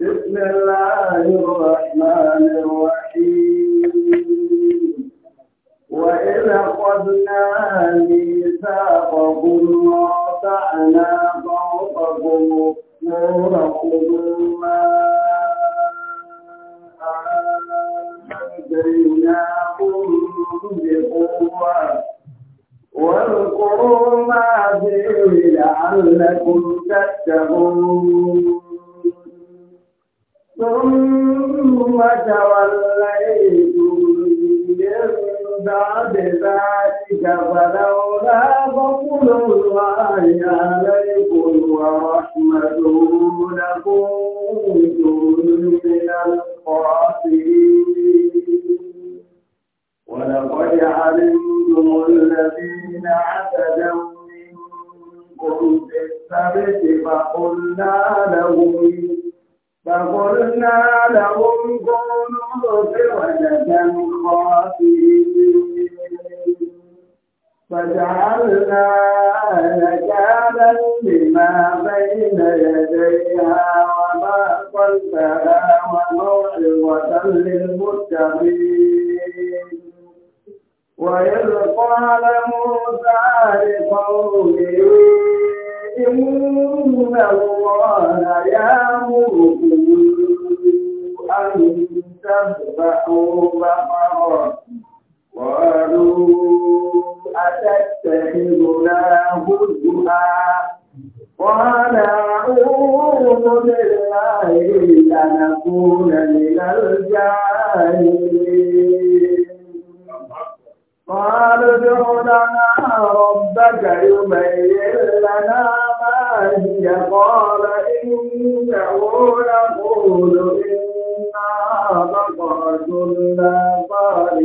بسم الله الرحمن الرحيم وإذا أخذنا ميثاقكم ورفعنا فوقكم الطور خذوا ما آتيناكم بقوة واذكروا ما فيه لعلكم تتقون ثم توليتم من بعد ذلك فلولا فضل الله عليكم ورحمته لكنتم من الخاسرين ولقد علمتم الذين الذين منكم فقلنا لهم فقلنا لهم كونوا قردة خاسئين فجعلنا نكالا لما بين يديها وما خلفها وموعظة للمتقين وإذ قال موسى لقومه إن الله يأمركم أن تذبحوا بقرة قالوا أتتخذنا هزؤا قال أعوذ بالله لنكون من الجاهلين قالوا ادع لنا ربك يبين لنا ما هي قال إنه يقول إنا بقرة لا طارق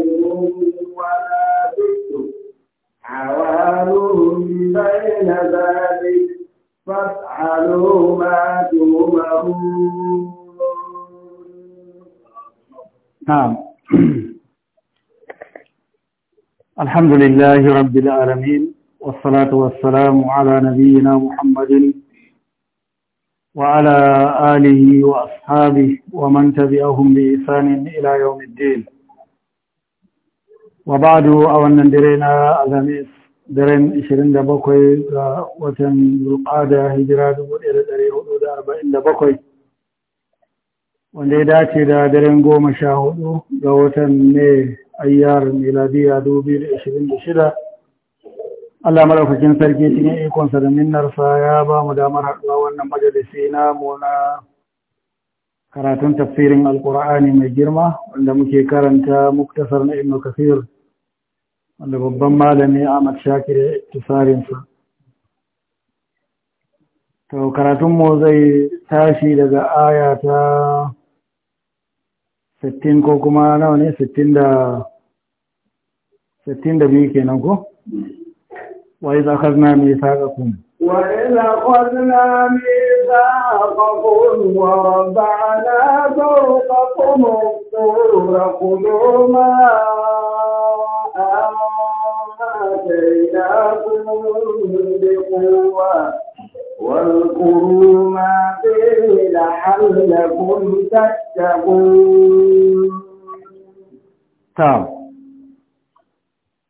ولا بكر حوال بين ذلك فافعلوا ما تؤمرون نعم الحمد لله رب العالمين والصلاة والسلام على نبينا محمد وعلى آله وأصحابه ومن تبعهم بإحسان إلى يوم الدين وبعد أولا درينا ألميس daren 27 ga watan zulƙada hijira 1447 wanda ya dace da daren 14 ga watan ne ayyarar miladiya 2026 Allah maraukakin sarki cikin ikonsa da minnarsa ya ba mu damar haɗuwa wannan majalisi namu na karatun tafsirin alkur'ani mai girma wanda muke karanta muktasar na ibn kafir wanda babban malami ahmad shakir tisarinsa to mu zai tashi daga aya ta sittin ko kuma nawa ne sittin da biyu kenan ko wai za ka zina mai sa kun وإذا أخذنا ميثاقكم ورفعنا فوقكم الطور خذوا ما آتيناكم بقوة واذكروا ما فيه لعلكم تتقون تام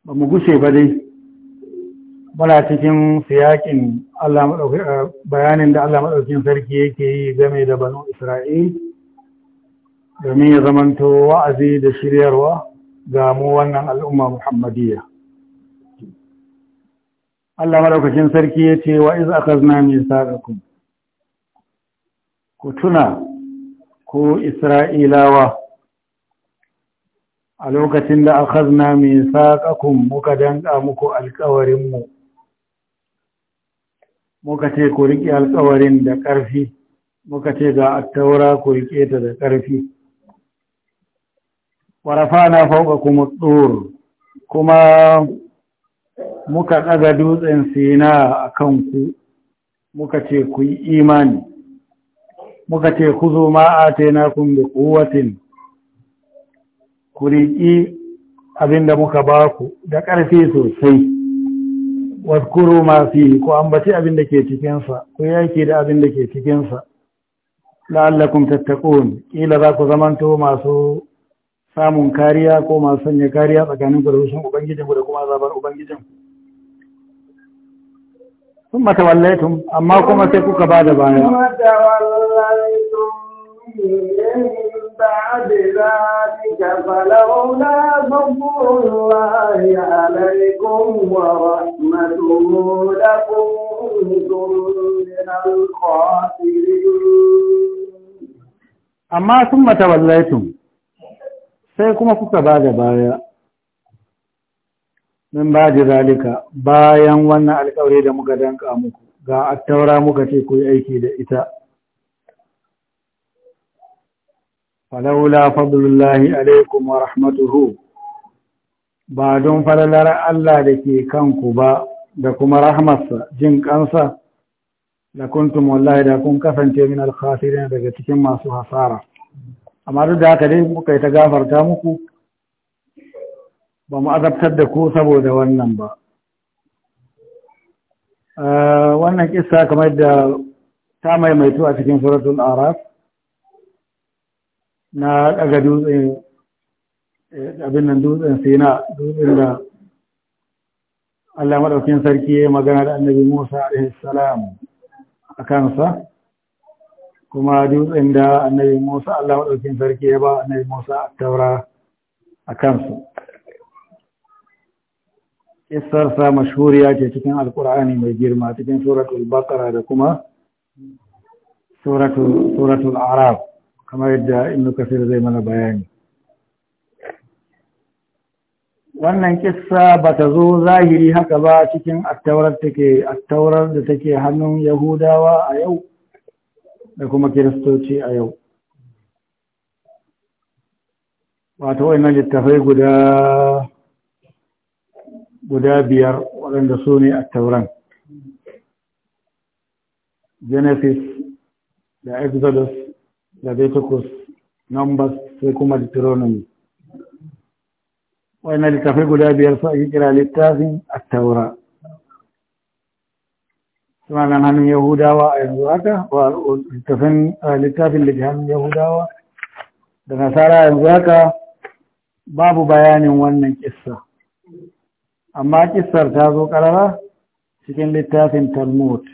ba mu gushe ba dai muna cikin siyakin bayanin da Allah maɗaukin sarki yake yi game da banu Isra'il domin ya zamanto wa'azi da shiryarwa ga mu wannan al'umma Muhammadiyya. Allah madaukakin sarki ya ce wa iz akazna misaqakum ku tuna ko isra'ilawa a lokacin da akazna misaqakum muka danka muku alƙawarin mu muka ce ku riƙe alƙawarin da ƙarfi muka ce ga attaura ku riƙe ta da ƙarfi warafa na fauka kuma tsoro kuma muka ɗaga dutsen sina a kanku muka ce ku yi imani muka ce ku zo ma'ate na kun da kuwatin ku riƙi abin da muka ba ku da ƙarfi sosai waskuru masu ku ambaci abin da ke cikinsa ku yaki da abin da ke cikinsa la'allakum tattaqun Ƙila za ku zamanto masu samun kariya ko masu sanya kariya tsakanin gurbushin ubangijin ku da kuma zabar ubangijinku sun mata wallaitun, amma kuma sai kuka ba da baya amma sun mata wallaitun sai kuma kuka ba da baya min ba da zalika bayan wannan alkawari da muka danka muku ga attaura muka ce ku yi aiki da ita falaula fadlullahi alaikum wa rahmatuhu ba don falalar Allah da ke kanku ba da kuma rahmarsa jin kansa da kuntum wallahi da kun kasance min alkhasirin daga cikin masu hasara amma duk da haka dai muka yi ta gafarta muku ba mu azabtar da ku saboda wannan ba eh, wannan kissa kamar da ta maimaitu a cikin suratul araf na daga dutsen eh, abin nan dutsen sina dutsen da Allah maɗaukin sarki magana da annabi Musa alaihi salam a kansa kuma dutsen da annabi Musa Allah maɗaukin sarki ya ba annabi Musa a taura a kansu. Kissarsa mashuriya ce cikin Alƙur'ani mai girma cikin suratul Baqara da kuma suratul Arab kamar yadda Ibn Kasir zai mana bayani. Wannan kissa ba ta zo zahiri haka ba cikin attaurar da take hannun Yahudawa a yau. da kuma kiristoci a yau wata wani littafai guda guda biyar waɗanda su ne a tauran genesis da exodus da leviticus numbers sai kuma deuteronomy wani littafai guda biyar su ake kira littafin a taura suna nan hannun yahudawa a yanzu haka tafin littafin da ke hannun yahudawa da nasara yanzu haka babu bayanin wannan kissa amma kissar ta zo karara cikin littafin talmud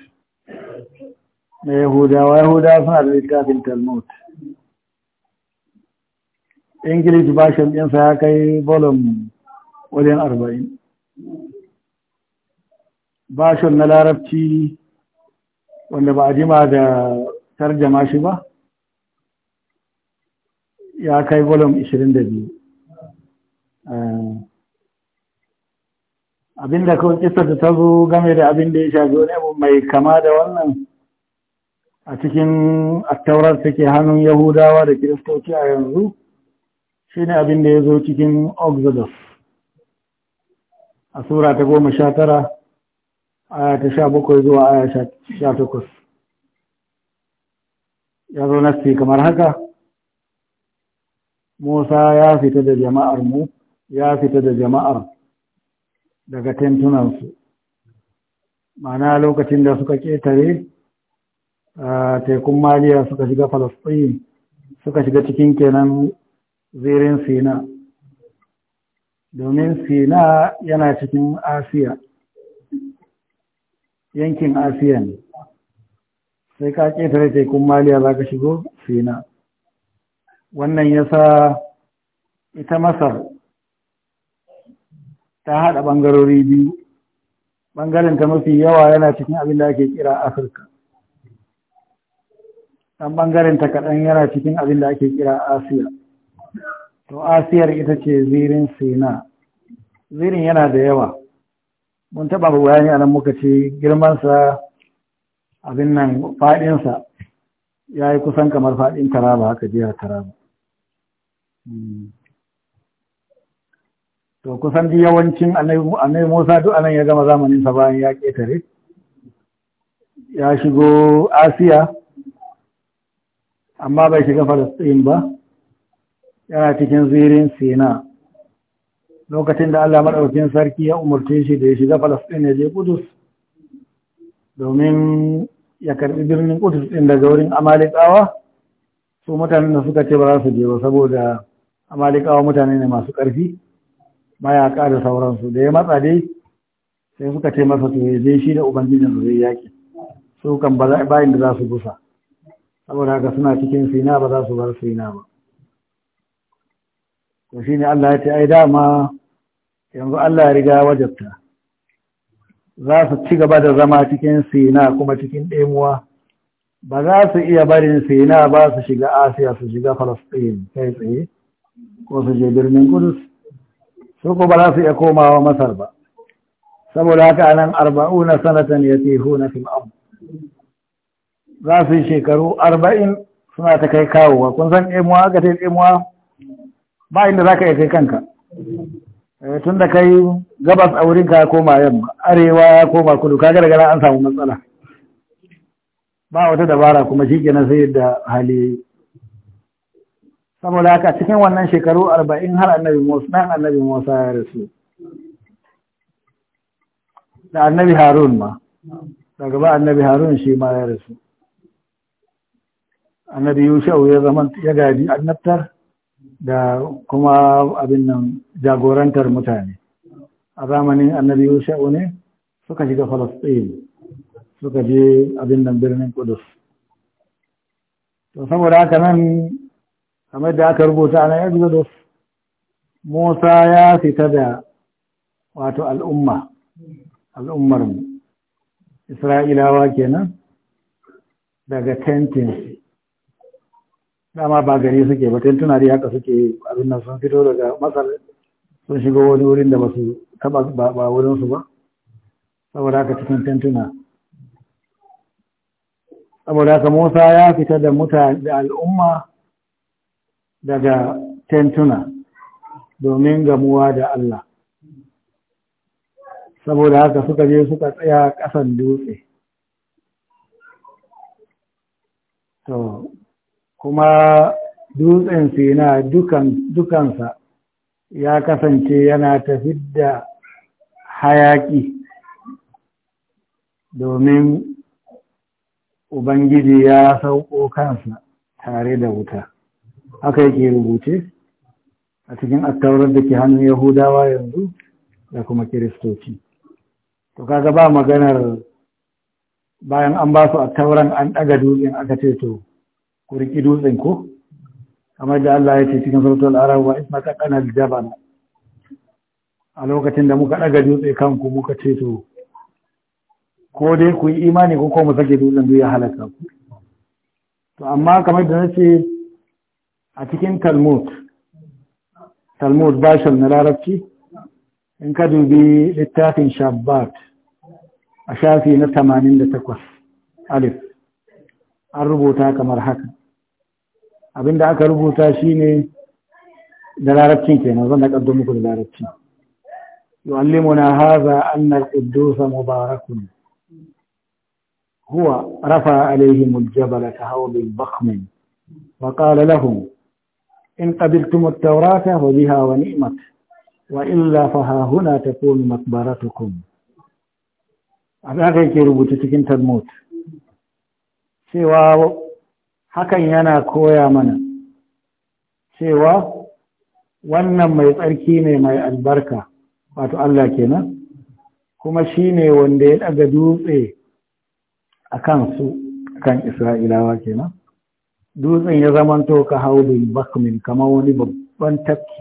na yahudawa yahudawa suna da littafin talmud english version ɗinsa ya kai volume wajen arba'in version na larabci wanda ba a jima da tarjama shi ba ya kai volum 22 eh, abinda kawai kisar ta zo game da abinda ya shafi ne mai kama da wannan a cikin attaurar take hannun yahudawa da kiristoci a yanzu shi ne abinda ya zo cikin oxodus a sura ta goma sha tara aya ta sha bakwai zuwa aya sha takwas ya zo nasi kamar haka musa ya fita da jama'ar mu ya fita da jama'ar daga tentunansu mana lokacin da suka ƙetare tekun maliya suka shiga falasɗin suka shiga cikin kenan zirin sina domin sina yana cikin asiya yankin asiya ne sai ka ƙetare tekun maliya za ka shigo sina wannan ya sa ita masar ta haɗa ɓangarori biyu ɓangaren ta mafi yawa yana cikin abin da ake kira afirka ɗan ɓangaren ta kaɗan yana cikin abin da ake kira asiya to asiyar ita ce zirin sina zirin yana da yawa mun taɓa bayani a nan muka ce girmansa abin nan faɗinsa ya yi kusan kamar faɗin taraba haka jiya taraba hmm. to kusan ji yawancin annabi musa duk anan ya gama zamanin sa bayan ya ƙetare ya shigo asiya amma bai shiga falastin ba yana cikin zirin sina lokacin da Allah maɗaukin sarki ya umarce shi da ya shiga Falasɗin ya je Kudus domin ya karɓi birnin Kudus ɗin daga wurin Amalikawa su mutane da suka ce ba za su je ba saboda Amalikawa mutane ne masu ƙarfi mayaka da sauransu da ya matsa dai sai suka ce masa to ya je shi da ubangijin su zai yaƙi su kan bayan da za su gusa saboda haka suna cikin sina ba za su bar sina ba to shi ne Allah ya ce ai dama yanzu Allah ya riga wajabta za su ci gaba da zama cikin sina kuma cikin ɗemuwa ba za su iya barin sina ba su shiga asiya su shiga falastin kai tsaye ko su je birnin kudus su ko ba za su iya komawa masar ba saboda haka nan na sanatan ya na fim am za su yi shekaru arba'in suna ta kai kawowa kun san ɗemuwa aka yi ɗemuwa ba inda za ka iya kai kanka eh, tun da kai gabas a wurin ka koma yamma arewa ya koma kudu ka daga nan an samu matsala ba wata dabara kuma shi kenan sai da hali saboda haka cikin wannan shekaru arba'in har annabi musa nan annabi musa ya rasu da annabi harun ma daga ba annabi harun shi ma ya rasu annabi yushau ya zama ya gadi annabtar da kuma abin nan jagorantar mutane a zamanin annabi Yusha'u ne suka shiga Falasɗin suka je abin nan birnin Kudus. To saboda haka nan kamar da aka rubuta na Exodus Musa ya fita da wato al'umma al'ummar mu Isra'ilawa kenan daga tentin dama ba gari suke ba tun tunari haka suke abin nan sun fito daga masar sun shiga wani wurin da basu taba ba wurin su ba saboda haka cikin tentuna saboda haka Musa ya fita da mutane da al'umma daga tentuna domin gamuwa da Allah saboda haka suka je suka tsaya ƙasan dutse to kuma dutsen sina dukansa ya kasance yana ta da hayaƙi domin Ubangiji ya sauko kansa tare da wuta. Haka yake rubuce a cikin attaurar da ke hannun Yahudawa yanzu da kuma Kiristoci. To kaga ba maganar bayan an ba su attauran an ɗaga dutsen aka ce to ku dutsen ko kamar da Allah ya ce cikin suratul arab wa isma taqana aljabal a lokacin da muka ɗaga dutse kanku muka ce to ko dai ku yi imani ko kuma sake dutsen duk ya halaka ku to amma kamar da nace a cikin talmud talmud bashal na larabci in ka dubi littafin shabbat a shafi na 88 alif an rubuta kamar haka Abin da aka rubuta shine da larabcin na, zan kaddo muku da larabci yu'allimuna haza anna al-quddus mubarakun huwa rafa alayhi al-jabala tahawl al-bakhm wa qala lahum in qabiltum at-tawrata fa biha wa ni'mat wa illa fa ha huna takun makbaratukum a ga ke rubuta cikin talmud cewa hakan yana koya mana cewa wannan mai tsarki ne mai albarka wato Allah kenan kuma shi ne wanda ya daga dutse a kansu kan isra'ilawa kenan dutsen ya zamanto ka haudun bakmin kamar wani babban tafki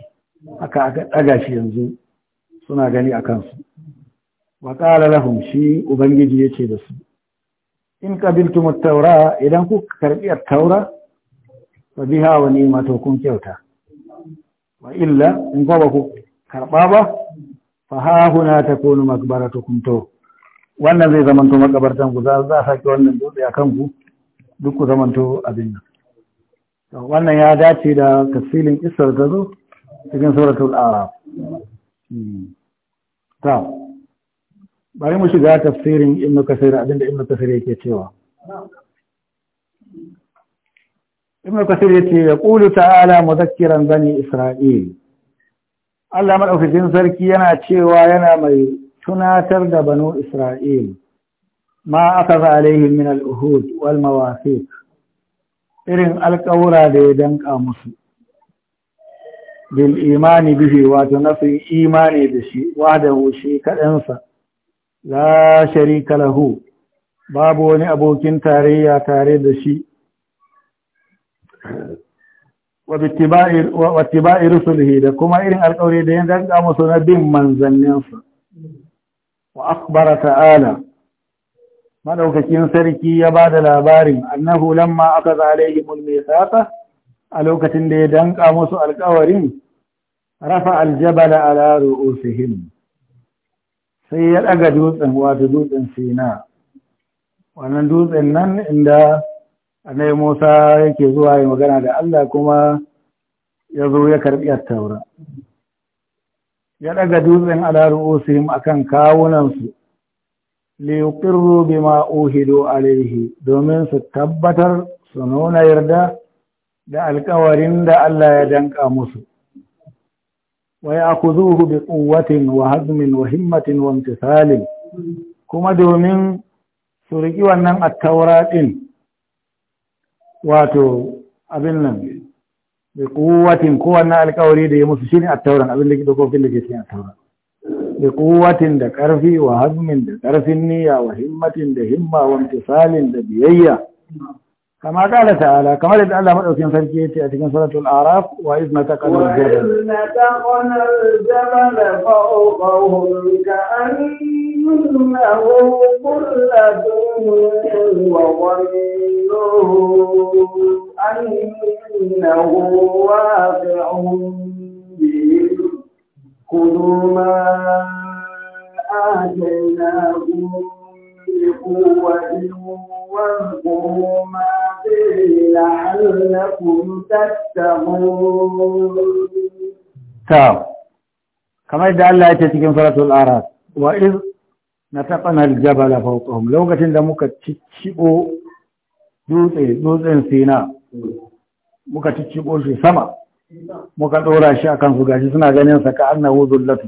aka daga shi yanzu suna gani a kansu wa lahum shi ubangiji ya ce da su in qabiltum at-taura idan ku karbi a taura fa biha wa ni'matu kun kyauta wa illa in ba ku karba ba fa ha huna takunu makbaratukum to wannan zai zamanto makabartan ku za za saki wannan dutse kan ku duk ku zamanto abin nan wannan ya dace da tafsilin isar ta zo cikin suratul araf ta bari mu shiga tafsirin ibnu kasir abinda ibnu kasir yake cewa ibnu kasir yace ya qulu ta'ala mudhakkiran bani isra'il Allah madaukakin sarki yana cewa yana mai tunatar da banu isra'il ma za alaihim min al-uhud wal mawathiq irin alƙawura da ya danka musu bil imani bihi wato nasu imani da shi wa da shi kaɗansa. la sharika lahu babu wani abokin tarayya tare da shi wa tiba'i rusulhi da kuma irin alƙawari da yin danka musu na bin manzanninsu. wa akbara ta'ala madaukakin sarki ya ba da labarin annahu lamma aka zalaihi mulmisata a lokacin da ya danka musu alƙawarin rafa aljabala ala ru'usihim sai ya ɗaga dutsen wato dutsen sina wannan dutsen nan inda annabi Musa yake zuwa yi magana da Allah kuma ya zo ya karɓi attaura ya ɗaga dutsen ala a akan kawunansu li ma ohido a alaihi domin su tabbatar su nuna yarda da alkawarin da Allah ya danka musu ويأخذوه بقوة وهزم وهمة وامتثال كما دومين سوريكي ونن التوراة واتو أبنن بقوة كو أنا الكوري دي مسشيني التوراة أبن لكي دوكو في اللي جيسين التوراة بقوة دا كرفي وهزم دا كرف النية وهمة دا همة وامتثال دا بيئة كما قال تعالى كما قال الله مدعوكين فرجيتي أتكين سورة الأعراف وإذ نتقنا الجبل وإذ نتقنا الجبل فوقهم كأنه قلة وظنوا أنه واقع بهم خذوا ما آتيناكم بقوة واذكروا ما فيه لعلكم تتقون تام كما يدعى الله يتتكين سورة الأعراف وإذ نتقنا الجبل فوقهم لو قتل دمك تشيبو dutse dutsen sina muka cicciɓo shi sama muka ɗora shi a kansu gashi suna ganin sa ka annahu zullatu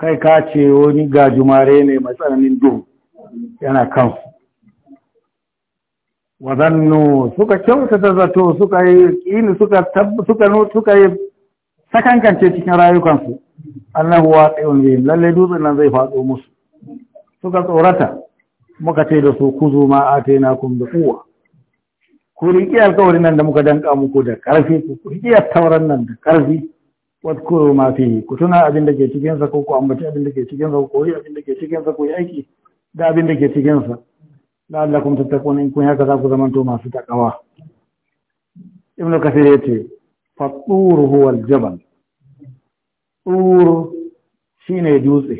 kai ka ce wani gajumare ne mai tsananin duhu yana kansu Wazannu suka kyautata zato suka yi ƙini, suka suka suka yi sakankance cikin rayukansu Allah huwa waqi'un bihim lalle dutsen nan zai faɗo musu suka tsorata muka ce da su kuzu ma atainakum bi quwwa ku riƙi alƙawarin nan da muka danka muku da ƙarfi ku riƙi tauran nan da ƙarfi wadkuru ma fihi ku tuna abin da ke cikin sa ko ku ambaci abin da ke cikin sa ko yi abin da ke cikin sa ko yi aiki da abin da ke cikin sa لعلكم تتقون إن كن هكذا قدمتوا ما في تقواه ابن الكثير يتي فالطور هو الجبل طور شين يجوز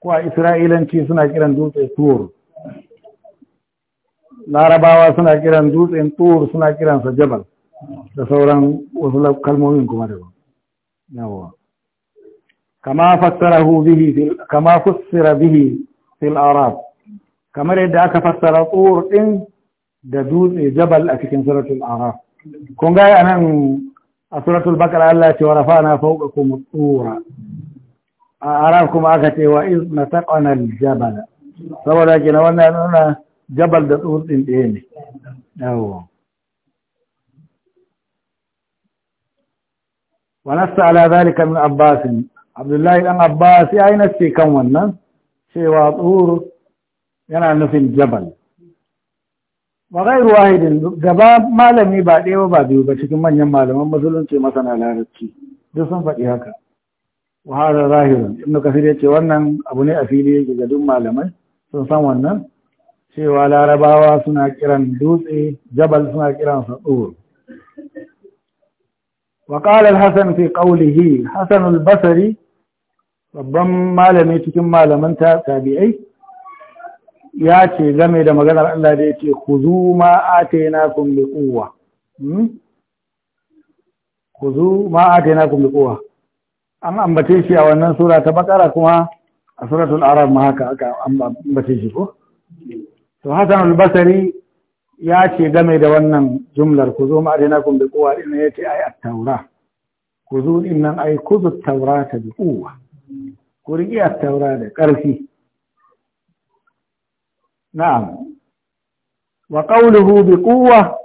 كوا إسرائيل انتي سنة كران جوز طور لاربا سنة كران جوز ان طور سنة كران سجبل تصورا وصل كلمون كما ربا نعم كما فسره به في كما فسر به في الأعراب kamar yadda aka fassara tsor ɗin da dutse jabal a cikin suratul araf kun gaya a nan a suratul bakara Allah ce wa rafa'na kuma tsura a araf kuma aka ce wa iz nataqana al-jabal saboda na wannan nuna jabal da tsor ɗin ɗaya ne yawa ونص على ذلك من عباس عبد الله بن عباس يا نسي كم ونن شيء وطور yana nufin jabal ba gairu wahidin gaba malami ba ɗaya ba biyu ba cikin manyan malaman musulunci masana larabci duk sun faɗi haka wahara zahirin ibnu kasir ya ce wannan abu ne a fili yake ga duk malamai sun san wannan cewa larabawa suna kiran dutse jabal suna kiran sa tsoro wa qala al-hasan fi qawlihi hassan al babban malami cikin malaman tabi'ai ya ce game da maganar Allah da yake ku zu ma atena kun bi kuwa hmm? ku zu ma ta kun bi kuwa an ambace shi a wannan sura ta bakara kuma a suratul arab ma haka aka ambace shi ko to Hassan al basari ya ce game da wannan jumlar ku a ta kun kumbi kowa Ina ya ce ai a taura ku zu ɗin nan ai ku kuzu taura ta bi kowa ku riƙe a taura da ƙarfi na'am wa qawluhu bi quwwa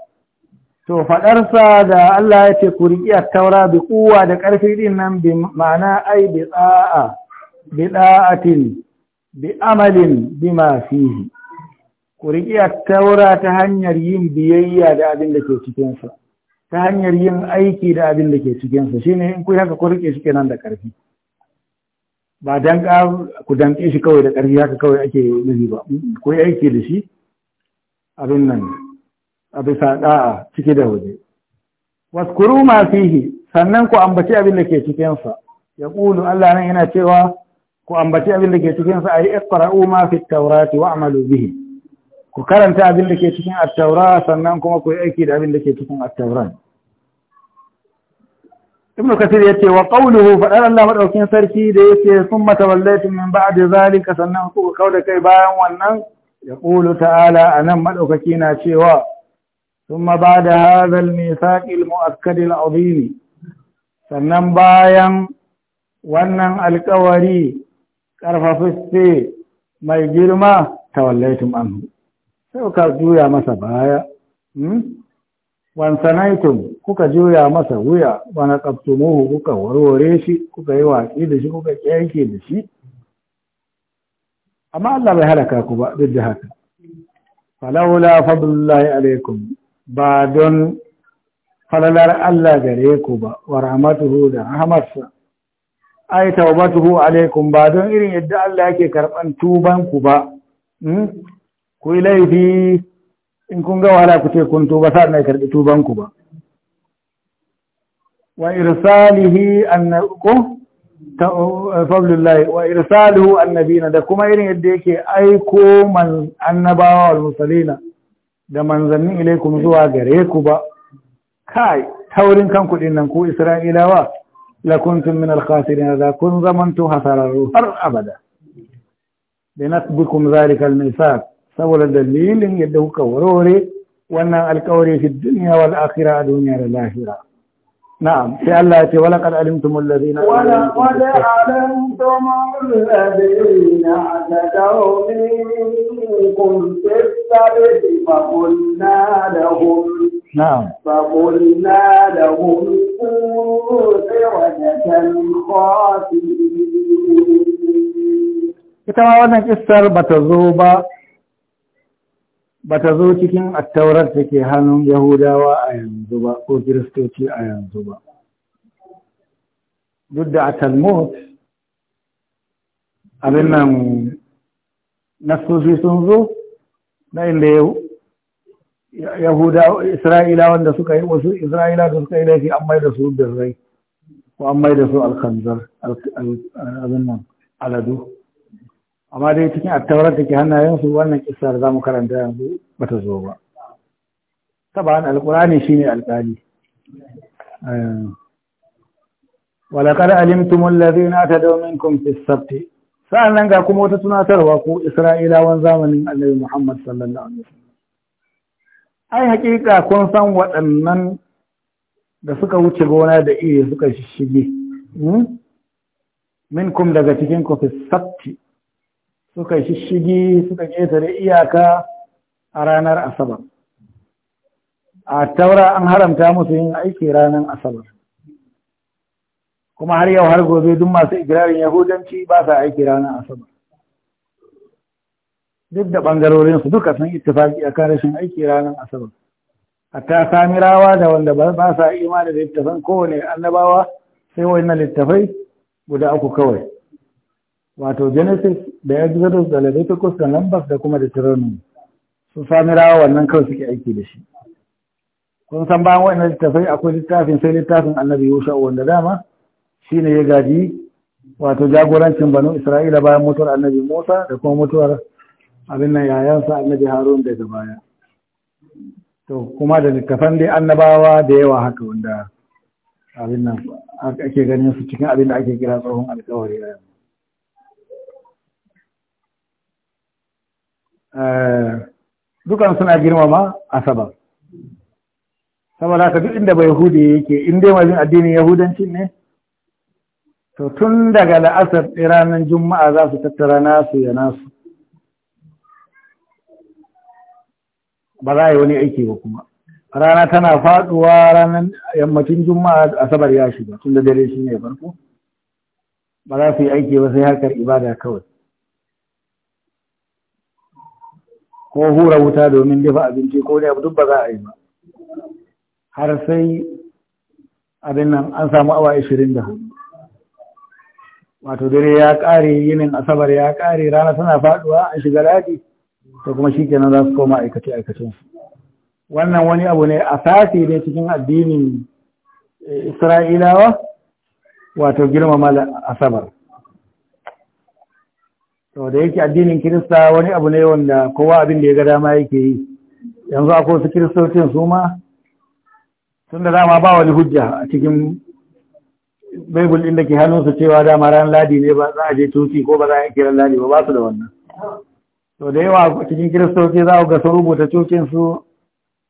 to faɗarsa da Allah ya ce ku riƙi attaura bi quwwa da ƙarfi din nan bi ma'ana ai bi tsa'a bi da'atin bi amalin bima fihi ku riƙi ta hanyar yin biyayya da abin da ke cikinsa ta hanyar yin aiki da abin da ke cikinsa shine in ku haka ku riƙe shi kenan da ƙarfi ba dan ku danƙe shi kawai da ƙarfi haka kawai ake nufi ba ko yi aiki da shi abin nan a bisa ɗa'a ciki da waje waskuru ma fihi sannan ku ambaci abin da ke cikinsa ya ƙulu Allah nan yana cewa ku ambaci abin da ke cikinsa a yi iqra'u ma fi taurati wa amalu bihi ku karanta abin da ke cikin at sannan kuma ku yi aiki da abin da ke cikin attauran. ibnu kasir yace wa qawluhu fadar Allah madaukin sarki da yace summa tawallaytum min ba'di zalika sannan ku kauda kai bayan wannan Ya ƙulu ta'ala anan maɗaukaki na cewa summa ba'da hadha al-mithaq al-mu'akkad al-azim sannan bayan wannan alkawari karfafuste mai girma tawallaitum anhu sai ka juya masa baya hmm? wansanaitum kuka juya masa wuya wani ƙaftumuhu kuka warware shi kuka yi watsi da shi kuka kyanke da shi amma Allah bai halaka ku ba duk da haka falawla fadlullahi alaikum ba don falalar Allah gare ku ba wa rahmatuhu da rahmatsa ai tawbatuhu alaikum ba don irin yadda Allah yake karban tuban hmm? ku ba ku laifi in kun ga wahala ku ce kun tuba sa na karɓi tubanku ba wa irsalihi annaku ta fadlillahi wa irsaluhu annabina da kuma irin yadda yake aiko man annabawa wal musalina da manzanni ilaikum zuwa gare ku ba kai taurin kan kuɗin nan ku isra'ilawa lakuntum min al-khasirin da kun zamantu hasararru har abada bi nasbikum zalika al nisa. سول الدليل إن يده كوروري وأن الكوري في الدنيا والآخرة دنيا للآخرة نعم في الله ولقد علمتم الذين ولقد علمتم الذين اعتدوا منكم في السبت فقلنا لهم نعم فقلنا لهم كونوا سرجة خاسرين كما وانا كسر بتزوبه bata zo cikin attaurar ke hannun yahudawa a yanzu ba ko kiristoci a yanzu ba duk da a talmud abin nan nasoshi sun zo na inda yahudawa isra'ila wanda suka yi wasu isra'ila da suka yi laifi an mai da su rai ko an mai da su alkanzar abin nan aladu amma dai cikin attaurar da ke su wannan kisa da za mu karanta yanzu ba ta zo ba taban alƙur'ani ne alƙali eh. walaqad alimtum alladhina ta domin fi sabti sa’an nan ga kuma wata tunatarwa ko isra'ilawan zamanin annabi Muhammad sallallahu alaihi ai hakika kun san waɗannan da suka wuce gona da iya suka shige hmm? Min kum daga cikin ku sabti suka shishigi suka ƙetare iyaka a ranar asabar a taura an haramta musu yin aiki ranar asabar kuma har yau har gobe duk masu ikirarin yahudanci ba sa aiki ranar asabar duk da ɓangarorinsu duka sun ittifaki a kan rashin aiki ranar asabar A ta sami rawa da wanda ba sa imani da littafan kowane annabawa sai na littafai guda uku kawai wato genesis da exodus da leviticus da numbers da kuma deuteronomy sami samirawa wannan kawai suke aiki da shi kun san bayan wannan littafai akwai littafin sai littafin annabi yusha wanda dama shine ya gaji wato jagorancin banu isra'ila bayan mutuwar annabi musa da kuma mutuwar abin nan yayansa annabi harun daga baya to kuma da littafan dai annabawa da yawa haka wanda abin nan ake ganin su cikin abin da ake kira tsohon alkawari a yanzu Eh, dukan suna girmama asabar saboda haka duk inda bai yahudi yake in dai wajen addinin yahudanci ne to tun daga la'asar ranar juma'a za su tattara nasu ya nasu ba za a yi wani aiki ba kuma rana tana faduwa ranar yammacin juma'a asabar ya shiga tun da dare shi ne farko ba za su yi aiki ba sai harkar ibada kawai ko hura wuta domin dafa abinci ko da duk ba za a yi ba har sai abin nan an samu awa da. wato dare ya kare yinin asabar ya kare rana tana faduwa an shiga daji to kuma kenan za su koma aikace aikace wannan wani abu ne a sati ne cikin addinin isra'ilawa wato girmama asabar to da yake addinin kirista wani abu ne wanda kowa abin da ya ga dama yake yi yanzu akwai su kiristocin su ma tun da dama ba wani hujja a cikin baibul da ke hannun su cewa dama ran ladi ne ba za a je coci, ko ba za a kiran ladi ba ba su da wannan to da yawa cikin kiristoci za ku ga sun rubuta cocin su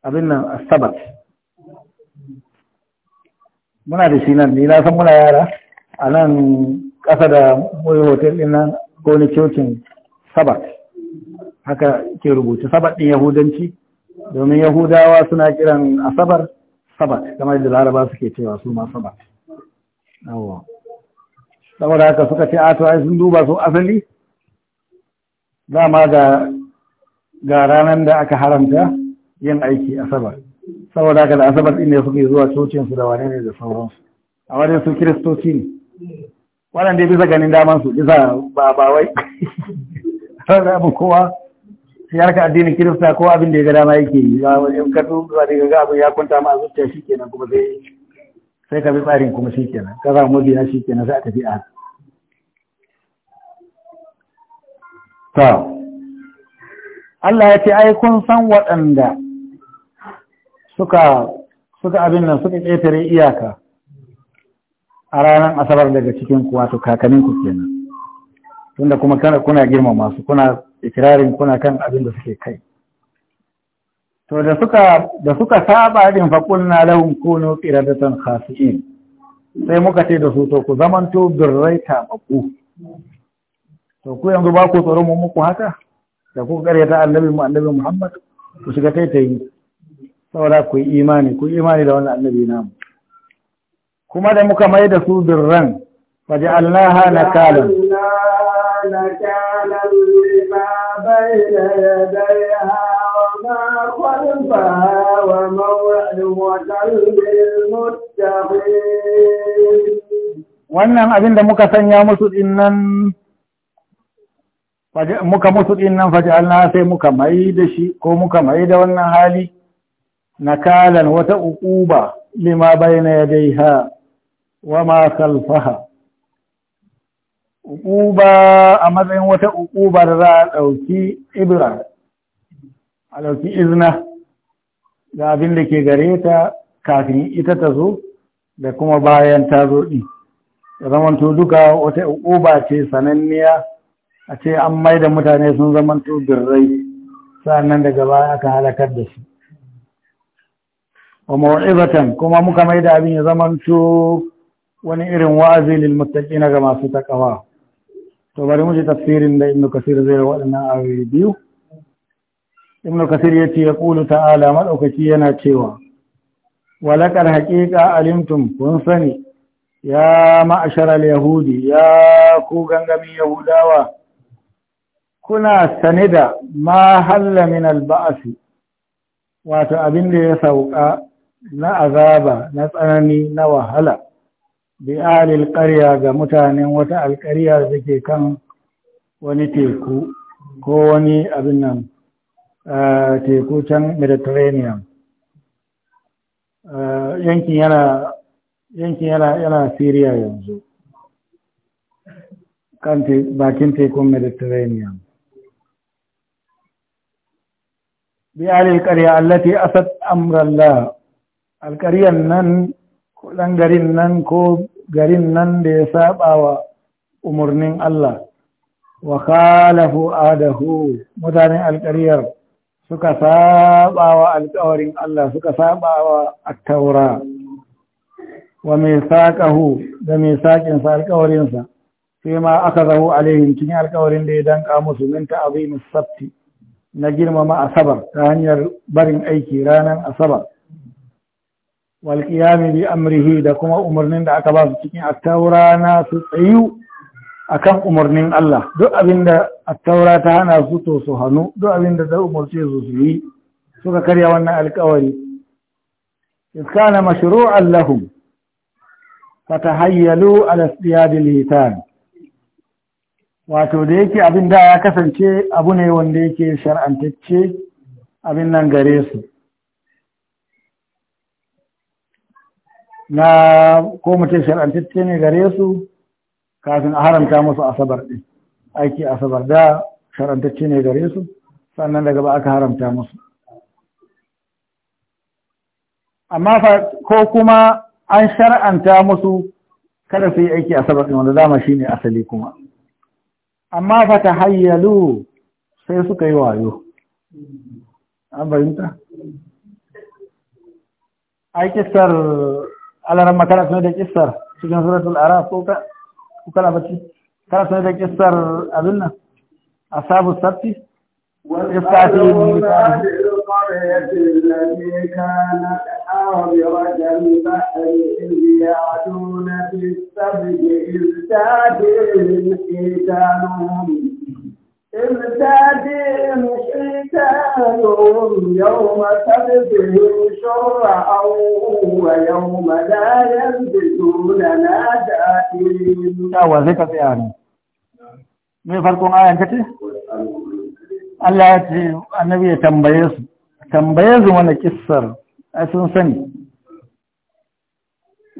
abin nan asabat muna da shi nan ni na san muna yara a nan ƙasa da moyi hotel ɗin nan ko na cocin sabat haka ke rubuta sabat ɗin yahudanci domin yahudawa suna kiran asabar sabat kamar da laraba suke cewa su ma sabat saboda haka suka ce ato ai sun duba su asali dama ga ga ranar da aka haramta yin aiki asabar saboda haka da asabar ɗin ne suke zuwa cocin su da wane ne da sauransu a wajen su kiristoci ne wannan dai bisa ganin daman su bisa ba ba wai abu kowa yi harka addinin kirista ko abin da ya ga dama yake yi ba wajen kato ba da ga abin ya kunta ma a zuciya shikenan kuma sai sai ka bi tsarin kuma shikenan ka za samu mabiya shikenan sai a tafi a ta Allah ya ce ai kun san waɗanda suka suka abin nan suka ƙetare iyaka a ranar asabar daga cikin ku wato kakannin ku kenan tunda kuma kana kuna girma masu kuna ikirarin kuna kan abin da suke kai to da suka da suka saba din fa kunna lahum kunu qiradatan khasiin sai muka ce da su to ku zamanto birrai tabaku to ku yanzu ba ku tsoro mu muku haka da ku ta annabi mu annabi Muhammad ku shiga taitayi saboda ku yi imani ku yi imani da wannan annabi namu kuma da muka mai da su birran waje allaha na kalan. wannan abin da muka sanya musu dinnan muka musu dinnan sai muka mai da shi ko muka mai da wannan hali nakalan wata uquba lima bayna yadayha Wama خلفها uquba a matsayin wata uqubar za a ɗauki ibra a ɗauki izna Da abin da ke gare ta kafin ita ta zo da kuma bayan ta zo ɗi da zamanto duka wata uquba ce sananniya a ce an mai da mutane sun zamanto birrai nan daga baya aka halakar da shi. wa mawa'izatan kuma muka mai da abin ya zamanto wani irin wa'azi lil na ga masu taƙawa. to bari mu ji tafsirin da ibnu kasir zai yi waɗannan ayoyi biyu ibnu kasir ya ce ya kulu ta'ala maɗaukaki yana cewa walakar haƙiƙa alimtum kun sani ya ma'asharar yahudi ya ku gangamin yahudawa kuna sani da ma halla min alba'asi wato abin da ya sauƙa na azaba na tsanani na wahala bi alil ƙarya ga mutanen wata alƙarya da ke kan wani teku ko wani abin nan teku can mediterranean yankin yana yankin yana yana syria yanzu kan bakin tekun mediterranean bi alil ƙarya allati asad amrallah alƙaryan nan ko ɗan garin nan ko garin nan da ya saba wa umarnin Allah wa khalafu adahu mutane alƙaryar suka saba wa alƙawarin Allah suka saba wa attaura wa mai saƙahu da mai saƙinsa alƙawarin sai ma aka zahu alaihin cikin alƙawarin da ya danka musu min ta'zimi sabti na girmama asabar ta hanyar barin aiki ranar asabar walƙiyami bi amrihi da kuma umarnin da aka ba su cikin attaura na su tsayu akan umarnin Allah duk abinda attaura ta hana su to su hannu duk abinda umarci umarce su su yi suka karya wannan alƙawari iskana mashru'an lahum fatahayyalu ala da hitan wato da yake abin da ya kasance abu ne wanda yake shar'antacce abin nan gare su na ko mutum shar'antacce ne gare su kafin a haramta musu asabar ɗin aiki asabar da shar'antacce ne gare su sannan daga ba aka haramta musu amma fa ko kuma an shar'anta musu kada su yi aiki asabar ɗin wanda dama shi ne asali kuma amma fa ta hayyalu sai suka yi wayo an bayyanta? aikistar Allah ran makara sun da kissar cikin suratul araf ko ka kana bacci kana sun da kissar abin nan ashabu sabti wal ifati التي كانت عابرة البحر إذ يعدون في السبت إذ تأتيهم حيتانهم إذ تأتيهم حيتانهم يوم سبتهم شرعا ويوم لا يلبسون نادائين. أو ذكر في آية. من فرق آية كتير؟ Allah ya ce annabi ya tambaye su tambaye su wani kissar a sun sani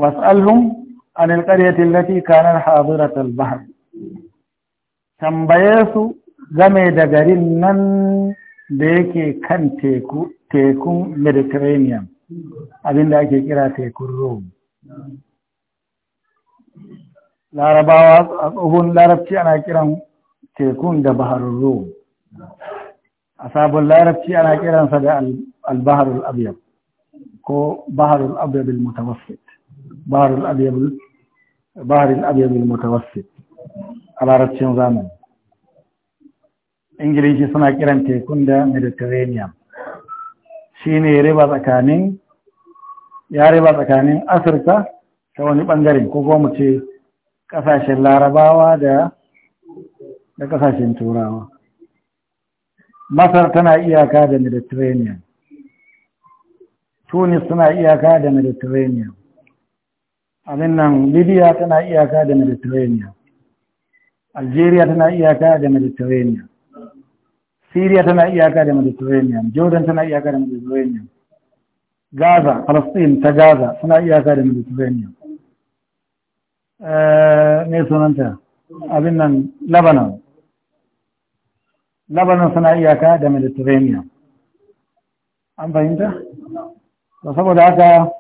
was'alhum an alqaryati allati kanat hadirat al-bahr tambaye su game da garin nan da yake kan teku tekun mediterranean abinda ake kira tekun rome larabawa a tsohon larabci ana kiran tekun da baharun rome a sabon larabci ana kiransa da albaharul abiyar ko baharul abiyar mutawassit baharul abiyar mutawassit a larabcin zamani ingilishi suna kiran tekun da mediterranean shi ne ya riba tsakanin afirka ta wani bangare ko kuma ce kasashen larabawa da da kasashen turawa masar tana iyaka da mediterranean tunis tana iyaka da mediterranean abin nan libya tana iyaka da mediterranean algeria tana iyaka da mediterranean Syria tana iyaka da Mediterranean, Jordan tana iyaka da Mediterranean, Gaza, Palestine ta Gaza suna iyaka da Mediterranean. Eh, me sunanta abin nan Lebanon. Lebanon suna iyaka da Mediterranean. An fahimta? Da saboda haka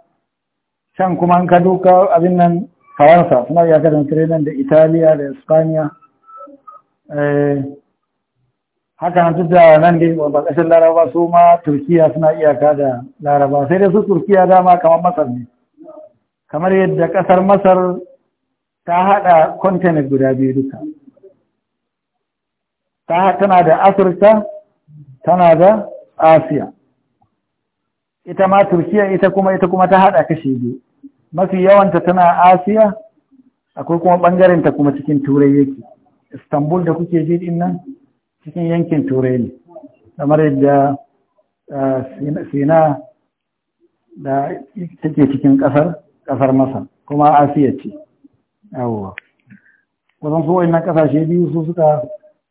can kuma an ka duka abin nan Faransa suna iyaka da Mediterranean da Italiya da Espanya. Eh, haka nan da nan dai ba kasar laraba su ma turkiya suna iyaka da laraba sai dai su turkiya dama kamar masar ne kamar yadda kasar masar ta haɗa kontinent guda biyu duka ta tana da afirka tana da asiya ita ma turkiya ita kuma ita kuma ta haɗa kashe biyu mafi yawanta tana asiya akwai kuma ta kuma cikin turai yake istanbul da kuke ji din cikin yankin turai ne kamar yadda eh, sina da take cikin ƙasar ƙasar masar kuma asiya ce yawwa kusan su ƙasashe biyu su suka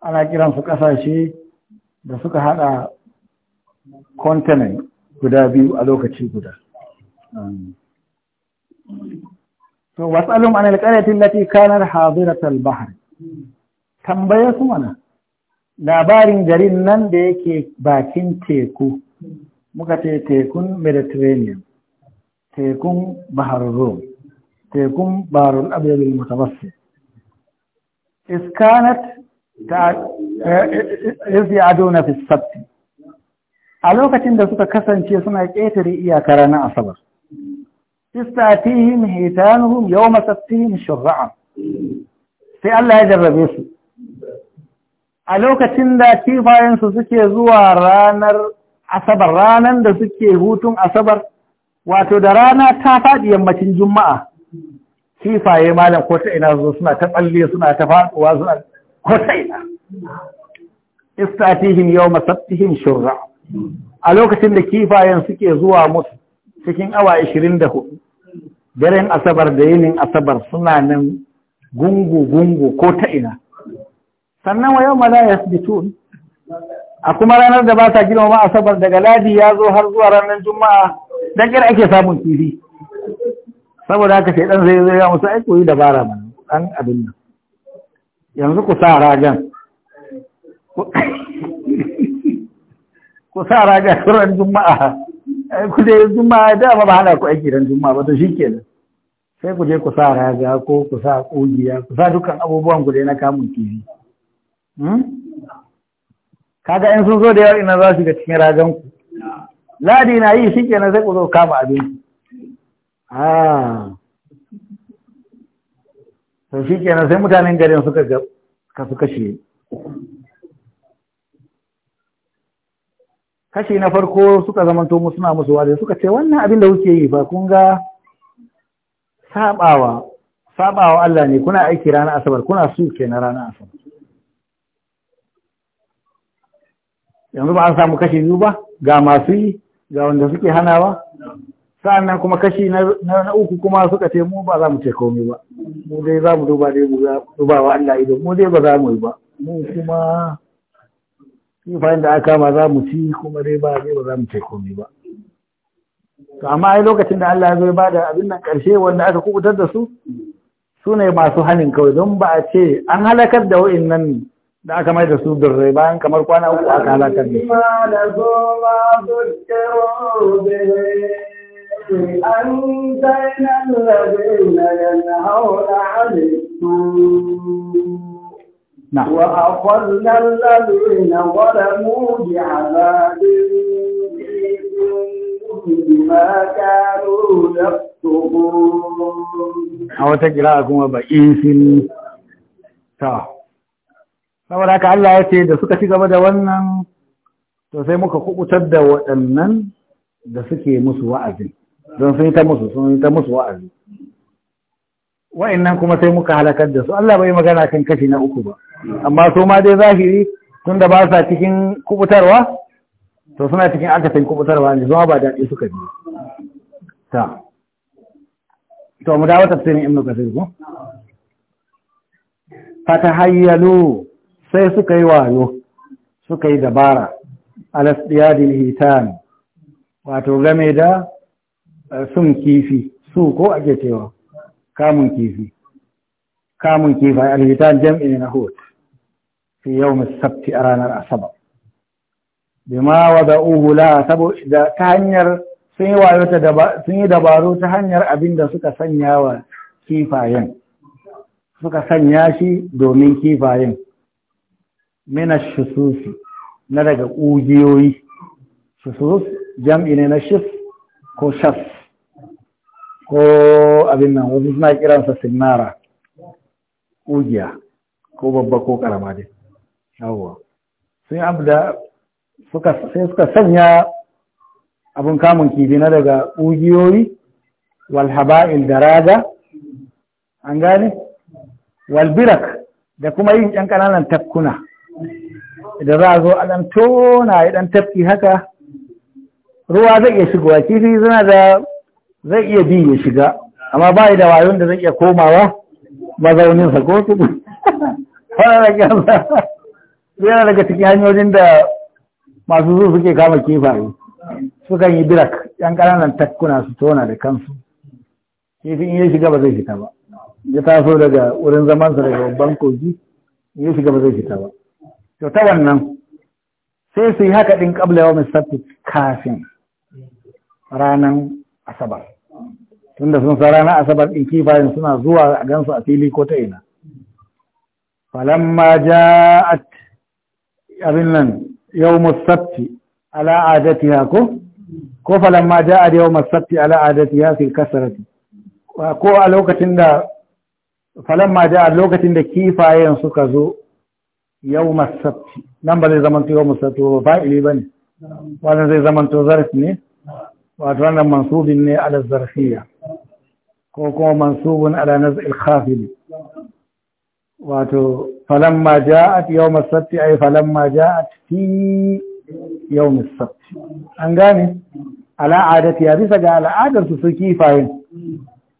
ana kiransu kasashe da suka haɗa continent guda biyu a lokaci guda wasu alum an alƙaryatin lati kanar haziratar bahar tambayar su mana labarin garin nan da yake bakin teku muka ce tekun mediterranean tekun bahar rum tekun baharul abiyar mutabassi iskanat ta eh, eh, eh, adona fi sabti a lokacin da suka kasance suna ƙetare iyaka na asabar istatihim hitanuhum yawma sabtihim shurra'a sai Allah ya jarrabe su a lokacin da kifayensu suke zuwa ranar asabar ranar da suke hutun asabar wato da rana ta faɗi yammacin juma'a kifaye malam ko ta ina zo suna ta ɓalle suna ta faɗuwa suna ko ta ina Istatihin yau masabtihim shurra a lokacin da kifayen suke zuwa musu cikin awa 24 daren asabar da yinin asabar suna nan gungu-gungu ko ta ina sannan wa yawma la yasbitun a kuma ranar da ba sa ma asabar daga ladi ya zo har zuwa ranar juma'a dan kira ake samun kifi saboda haka sai dan zai zo ya musu ai koyi dabara mana dan abin nan yanzu ku sa ragan ku sa ragan ran juma'a ku je juma'a da ba hana ku aiki ran juma'a ba to shikenan sai ku je ku sa raga ko ku sa kugiya ku sa dukkan abubuwan ku dai na kamun kifi Hmm? kaga in sun zo da yawa ina za su ga cikin raganku. ladi na yi shi kenan sai ku zo kama abin ah to shi kenan sai mutanen garin suka ga suka kashe kashi na farko suka zamanto suna musu wazi suka ce wannan abin da kuke yi ba kun ga sabawa sabawa Allah ne kuna aiki ranar asabar kuna su ke na ranar asabar yanzu ba an samu kashi biyu ba ga masu yi ga wanda suke hanawa nan kuma kashi na uku kuma suka ce mu ba za mu ce komai ba mu dai za mu duba dai mu duba wa Allah ido mu dai ba za mu yi ba mu kuma fa da aka ma za mu ci kuma dai ba dai ba za mu ce komai ba to amma ai lokacin da Allah ya zo ba da abin nan karshe wanda aka kubutar da su su ne masu hanin kawai don ba a ce an halakar da wa'in nan da aka mai da su durre bayan kamar kwana uku aka halakar da su. نعم وأخذنا الذين ظلموا بعذاب بما كانوا يكسبون. أو تقرأكم بإيس. saboda haka Allah ya ce da suka ci gaba da wannan to sai muka kubutar da waɗannan da suke musu wa'azi don sun yi ta musu sun yi ta musu wa'azi wa'annan kuma sai muka halakar da su Allah bai magana kan kashi na uku ba amma su ma dai zahiri tun da ba sa cikin kubutarwa to suna cikin akasin kubutarwa ne zuwa ba daɗi suka biyu ta to mu dawo tafsirin ibnu kasir ko fatahayyalu sai suka yi wayo suka yi dabara alasdiyadil hitan wato game da eh, sun kifi su ko ake cewa kamun kifi kamun kifi alhitan jam'i ne na hot fi mai sabti a ranar asabar bima Uhu la saboda ta hanyar sun yi wayo ta sun yi dabaru ta hanyar abin da suka sanya wa kifayen suka sanya shi domin kifayen min shususi na daga ƙugiyoyi shusus jam'i ne na shif ko shas, ko abin nan wasu suna kiransa sinara ƙugiya ko babba ko karama dai yawwa sun abu da sai suka sanya abin kamun kifi na daga ƙugiyoyi walhaba'il da raga an gane walbirak da kuma yin ƴan ƙananan tafkuna Idan za a zo a ɗan tona ya ɗan tafki haka ruwa zai iya shigowa kifi zana da zai iya bi ya shiga amma ba da wayon da zai iya komawa mazauninsa ko su yana daga cikin hanyoyin da masu zuwa suke kama kifaye sukan yi birak yan ƙananan takkuna su tona da kansu kifin ya shiga ba zai fita ba ya taso daga wurin zamansa daga babban kogi in ya shiga ba zai fita ba to ta wannan sai su yi haka ɗin ƙabla yawon sabti kafin ranar asabar tunda sun sa ranar asabar ɗin kifayen suna zuwa a gansu a fili ko ta ina falamma a abin nan yawon sabti ala'adati adatiha ko ko falamma ja'at yawon sabti ala'adati adatiha fil kasarati ko a lokacin da falamma a lokacin da kifayen suka zo yau masabti nan ba zai zamanto yau masabti ba ili ba ne wannan zai zamanto zarf ne wato wannan mansubin ne ala zarfiya ko kuma mansubin ala naz'il khafili wato falamma ja'at yau as-sabt ay falamma ja'at fi yau masabti an gane ala adati ya bisa ga al'adar su suki fayin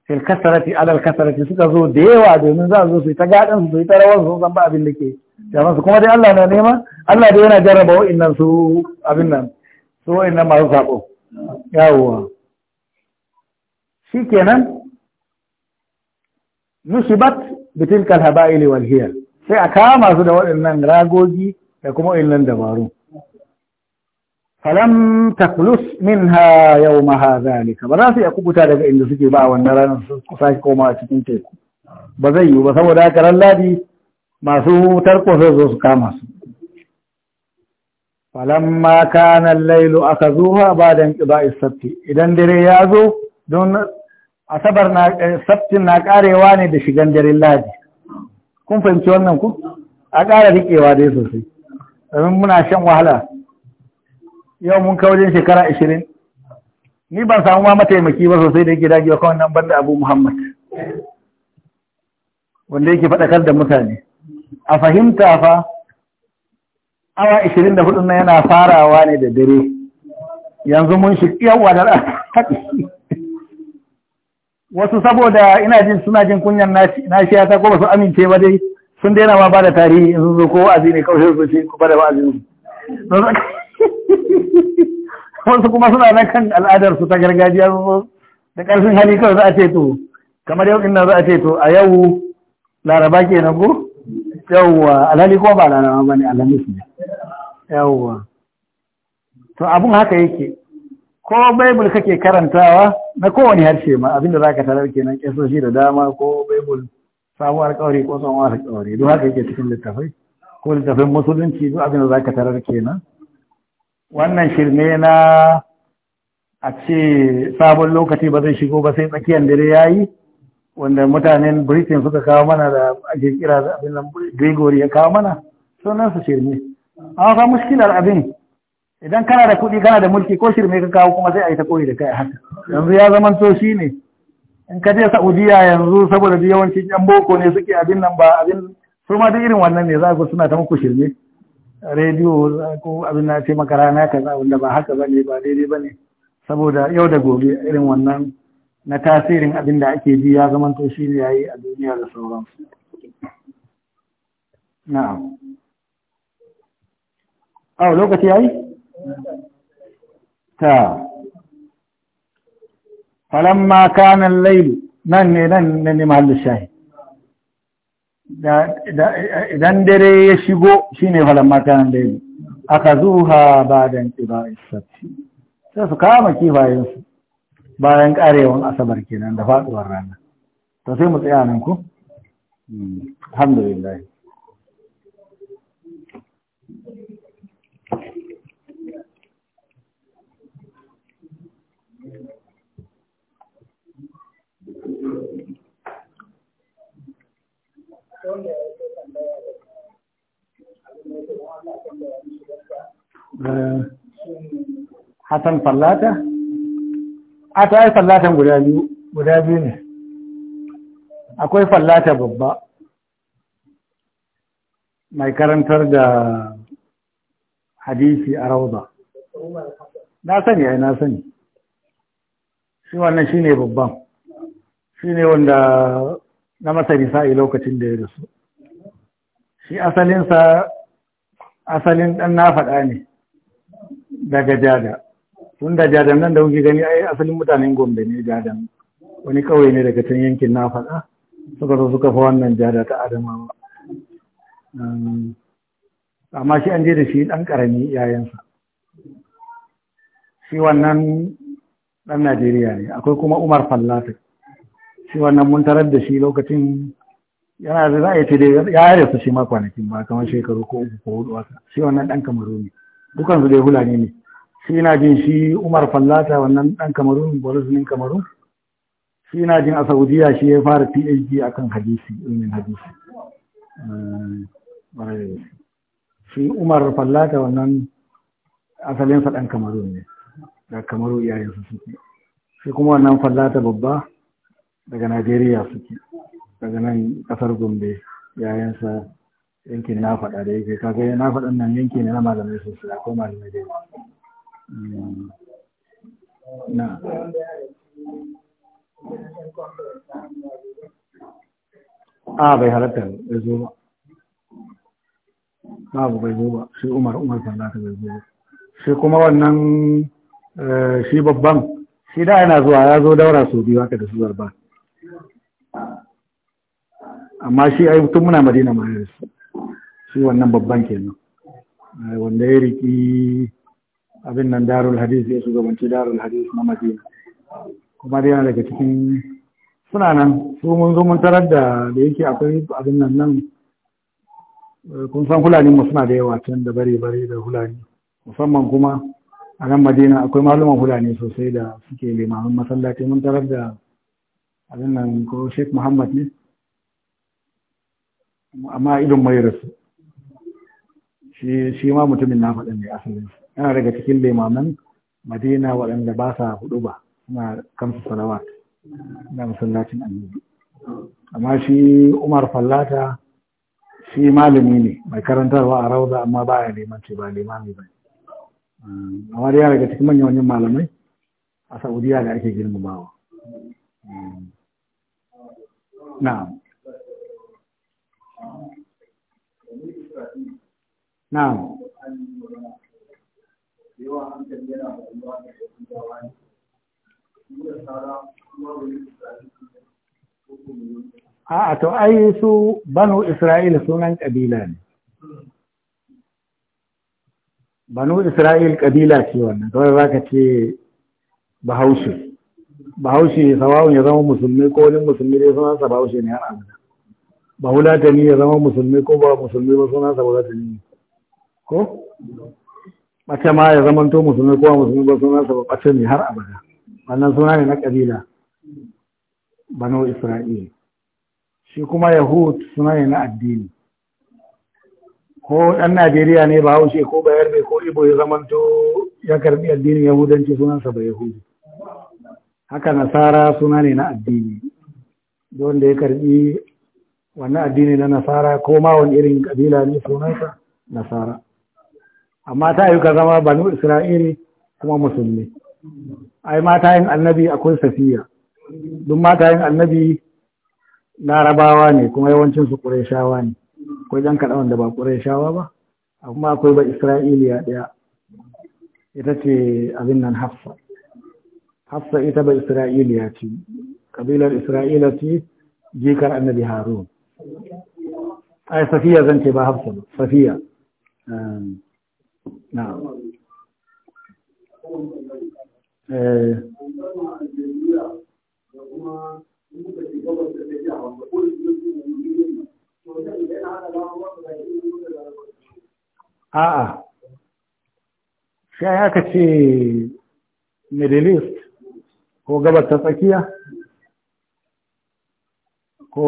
fil kasarati ala al-kasrati suka zo da yawa domin za su ta gadan su ta rawar su san ba abin da ke yi. jaman su kuma dai Allah na nema Allah dai yana jarraba wa'annan su abin nan su wa'annan masu sako yawowa shikenan nushibat bitilka alhaba'il wal hiyal sai a kama su da waɗannan ragogi da kuma wa'annan dabaru falam taklus yau yawmaha zalika ba za su iya kubuta daga inda suke ba a wannan ranar su kusa koma a cikin teku ba zai yiwu ba saboda haka ran ladi masu tarko sai zo su kama su falamma kana lailu aka zuwa ba da ƙiba sabti idan dare ya zo don asabar na eh, sabtin na karewa ne da shigan dare ladi kun fahimci wannan ku a ƙara rikewa dai sosai domin muna shan wahala yau mun kawo wajen shekara ashirin ni ban samu ma mataimaki ba sosai da yake dagewa kawai nan banda abu muhammad wanda yake faɗakar da mutane a fahimta fa awa ishirin da 24 na yana farawa ne da dare yanzu mun shi yawa da wasu saboda ina jin suna jin kunyan nashiya ta ko ba su amince ba dai sun daina ma ba da tarihi in sun zo ko wa'azi ne kawai su ce ku ba da wa'azi wasu kuma suna nan kan al'adar su ta gargajiya da ƙarfin hali kawai za a ce to kamar yau ina za a ce to a yau laraba nan ko yawwa alhali kuma ba laraba ba ne alhamis ne yawwa to abun haka yake ko baibul kake karantawa na kowane harshe ma abinda za ka tarar kenan ƙasoshi da dama ko baibul sabuwar ƙauri ko tsohuwar ƙauri duk haka yake cikin littafai ko littafin musulunci duk abinda za ka tarar kenan wannan shirme na a ce sabon lokaci ba zai shigo ba sai tsakiyar dare ya yi wanda mutanen britain suka kawo mana da ake kira da abin nan gregory ya kawo mana sunan su shirme an fa muskilar abin idan kana da kuɗi kana da mulki ko shirme ka kawo kuma sai a yi ta koyi da kai haka yanzu ya zama to shi ne in ka je saudiya yanzu saboda da yawancin yan boko ne suke abin nan ba abin su ma duk irin wannan ne za ku suna ta muku shirme rediyo ko abin na ce maka rana kaza wanda ba haka bane ba daidai bane saboda yau da gobe irin wannan na tasirin abin da ake ji ya zamanto shi ne yi a duniya da sauransu na'am awa lokaci yi? ta Falan kana al nan ne nan ne mahallin shahi idan dare ya shigo shine falamma kana al Aka akazuha da intiba'i as-sabt sai su kama kifayensu bayan karewan asabar kenan da faduwar rana to sai mu tsaya nan ko hmm, alhamdulillah eh, Hassan Fallata? a ta yi fallatan guda biyu ne akwai fallata babba mai karantar da hadisi a rauza na sani yi na sani shi wannan shi ne babban shi ne wanda na masari sa'i lokacin da ya rasu shi asalinsa asalin ɗan na faɗa ne daga jada tun da jadan nan da kuke gani ai asalin mutanen gombe ne jadan wani kawai ne daga can yankin na faɗa suka zo suka fa wannan jada ta adamawa amma shi an je da shi ɗan ƙarami yayansa shi wannan ɗan najeriya ne akwai kuma umar fallata shi wannan mun tarar da shi lokacin yana da za a yi dai ya yare su shi ma kwanakin ba kamar shekaru ko uku ko hudu haka shi wannan ɗan kamaru ne dukansu dai hulani ne shi na jin shi umar fallata wannan dan kamarun bolizunin kamarun shi na jin a saudiya shi ya fara phd akan hadisi ilmin hadisi eh, shi umar fallata wannan asalinsa dan kamarun ne da kamaru su suke shi kuma wannan fallata babba daga najeriya suke daga nan ƙasar gombe yayansa yankin na faɗa da yake kaga na faɗan nan yanki ne na malamai sosai akwai malamai da yawa Mm. na a ah, bai halatta bai zo ba babu bai zo ba shi umar umar sallata bai zo ba shi kuma wannan eh, shi babban shi da yana zuwa ya zo daura sau biyu haka da su zarba amma shi ai tun muna madina ma shi wannan babban kenan eh, wanda ya riki abin nan darul hadis ya shugabanci darul hadis na madina kuma dai yana daga cikin suna nan su mun zo mun tarar da da yake akwai abin nan nan eh, kun san fulani mu suna da yawa can da bare bare da fulani musamman kuma a nan madina akwai maluman fulani sosai da suke limamin masallaci mun tarar da abin nan ko sheikh muhammad ne amma idon mai rasu shi ma mutumin na faɗin mai asalin yana daga cikin limaman madina waɗanda ba sa hudu ba suna kamsu salawat na masallacin annabi amma shi umar fallata shi malami ne mai karantarwa a rauza amma ba ya limanci ba limami ba amma da daga cikin manyan wani malamai a saudiya da ake girmamawa na'am na'am yawa hankali yana da ruwa da yawa ne da tsara kuma wani A'a to ai su banu Isra'il sunan ƙabila ne. Banu Isra'il ƙabila ce wannan, kawai za ka ce bahaushe. Bahaushe sawawun ya zama musulmi ko wani musulmi dai sa bahaushe ne har abada. Bahulatani ya zama musulmi ko ba musulmi ba sa bahulatani ne. Ko? mace ma ya zamanto musulmi ko musulmi ba sunan sa ba ne har abada wannan suna ne na ƙabila banu isra'il shi kuma yahud suna ne na addini ko ɗan najeriya ne ba haushe ko bayar mai ko ibo ya zamanto ya karbi addinin yahudanci sunansa ba yahudi haka nasara suna ne na addini don da ya karbi wannan addini na nasara ko ma wani irin kabila ne sunansa nasara amma ta yi ka zama banu isra'ili kuma musulmi ai matayin annabi akwai safiya duk matayin annabi larabawa ne kuma yawancin su ƙureshawa ne akwai ɗan kaɗan da ba ƙureshawa ba amma akwai ba isra'iliya ɗaya ita ce abin nan hafsa hafsa ita ba isra'iliya ce ƙabilar isra'ila ce jikar annabi harun ai safiya zan ce ba hafsa ba safiya ehm. Eh. a'a shi aka ce middle east ko gabar ta tsakiya ko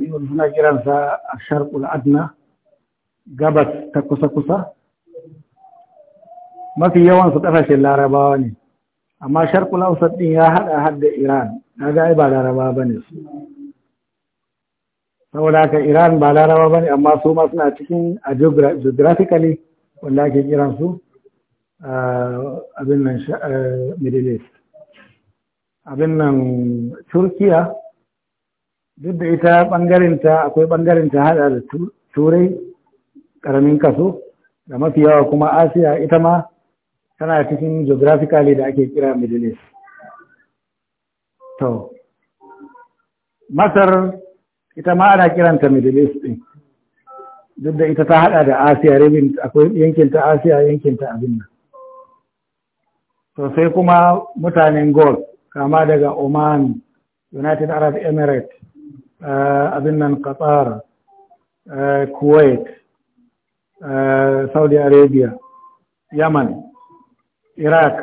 suna kiransa a sharkul adna gabas ta kusa-kusa mafi yawan su kasashen larabawa ne amma sharkul ausat din ya hada hadda iran na ai ba laraba bane su saboda haka iran ba laraba bane amma su ma suna cikin a geographically wanda ake kiran su ah, abin nan eh, middle east abin nan turkiya duk da ita ta akwai bangaren ta hada da turai karamin kaso da mafi yawa kuma asiya ita ma tana cikin geographically da ake kira middle east to masar ita ma ana kiranta middle east din duk da ita ta hada da asiya rabin akwai yankin ta asiya yankin ta abin nan to sai kuma mutanen gulf kama daga oman united arab emirates eh, abin nan qatar eh, kuwait eh, saudi arabia yaman iraq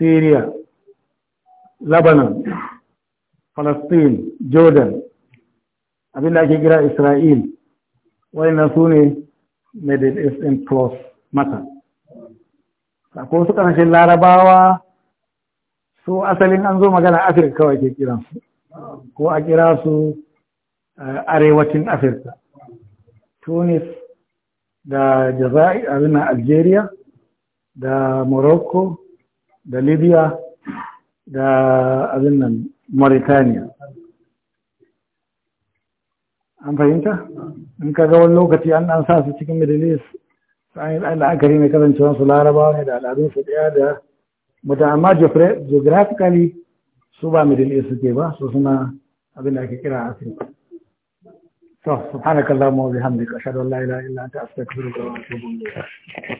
syria lebanon palestine jordan abinda ake kira isra'il wayannan su ne middle eastern plus mata akwai su kanashin larabawa su asalin an zo magana afirka kawai ke su ko a kira su eh, arewacin afirka tunis da jaza'i a algeria da morocco da libya da abin nan mauritania an fahimta in ka ga wani lokaci an an sa su cikin middle east sa'ayin la'akari mai kasancewar su larabawa ne da al'adun su daya da mutum amma geographically su ba middle east suke ba su suna abin da ake kira afirka to subhanakallahumma wa bihamdika ashhadu an la ilaha illa anta astaghfiruka wa atubu ilayk